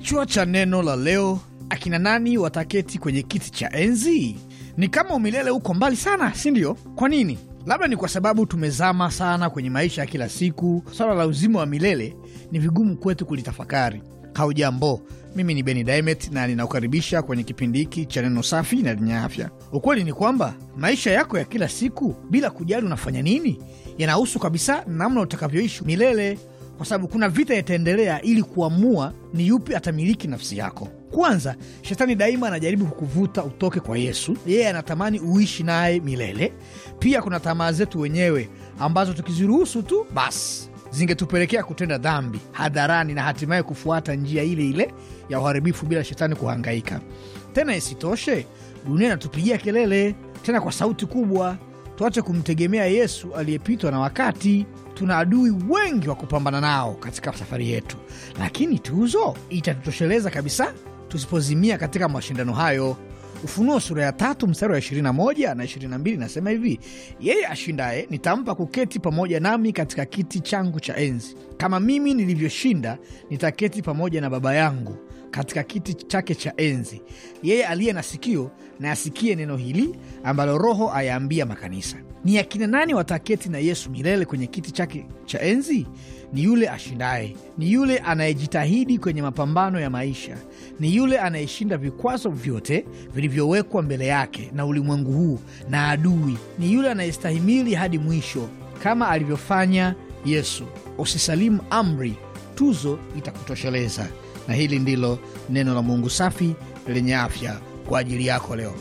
Kichwa cha neno la leo: akina nani wataketi kwenye kiti cha enzi? Ni kama umilele uko mbali sana, si ndio? Kwa nini? Labda ni kwa sababu tumezama sana kwenye maisha ya kila siku. Swala la uzima wa milele ni vigumu kwetu kulitafakari. Haujambo, mimi ni Beni Daimet na ninakukaribisha kwenye kipindi hiki cha neno safi na lenye afya. Ukweli ni kwamba maisha yako ya kila siku, bila kujali unafanya nini, yanahusu kabisa namna utakavyoishi milele kwa sababu kuna vita yataendelea ili kuamua ni yupi atamiliki nafsi yako. Kwanza, shetani daima anajaribu kukuvuta utoke kwa Yesu. Yeye anatamani uishi naye milele. Pia kuna tamaa zetu wenyewe ambazo tukiziruhusu tu basi zingetupelekea kutenda dhambi hadharani na hatimaye kufuata njia ile ile ya uharibifu bila shetani kuhangaika tena. Isitoshe, dunia inatupigia kelele tena kwa sauti kubwa tuache kumtegemea Yesu aliyepitwa na wakati. Tuna adui wengi wa kupambana nao katika safari yetu, lakini tuzo itatutosheleza kabisa tusipozimia katika mashindano hayo. Ufunuo sura ya tatu mstari wa 21 na 22 nasema hivi: yeye ashindaye nitampa kuketi pamoja nami katika kiti changu cha enzi, kama mimi nilivyoshinda nitaketi pamoja na Baba yangu katika kiti chake cha enzi, yeye aliye na sikio na asikie neno hili ambalo Roho ayaambia makanisa. Ni akina nani wataketi na Yesu milele kwenye kiti chake cha enzi? Ni yule ashindaye, ni yule anayejitahidi kwenye mapambano ya maisha, ni yule anayeshinda vikwazo vyote vilivyowekwa mbele yake na ulimwengu huu na adui, ni yule anayestahimili hadi mwisho, kama alivyofanya Yesu. Usisalimu amri, tuzo itakutosheleza na hili ndilo neno la Mungu safi lenye afya kwa ajili yako leo.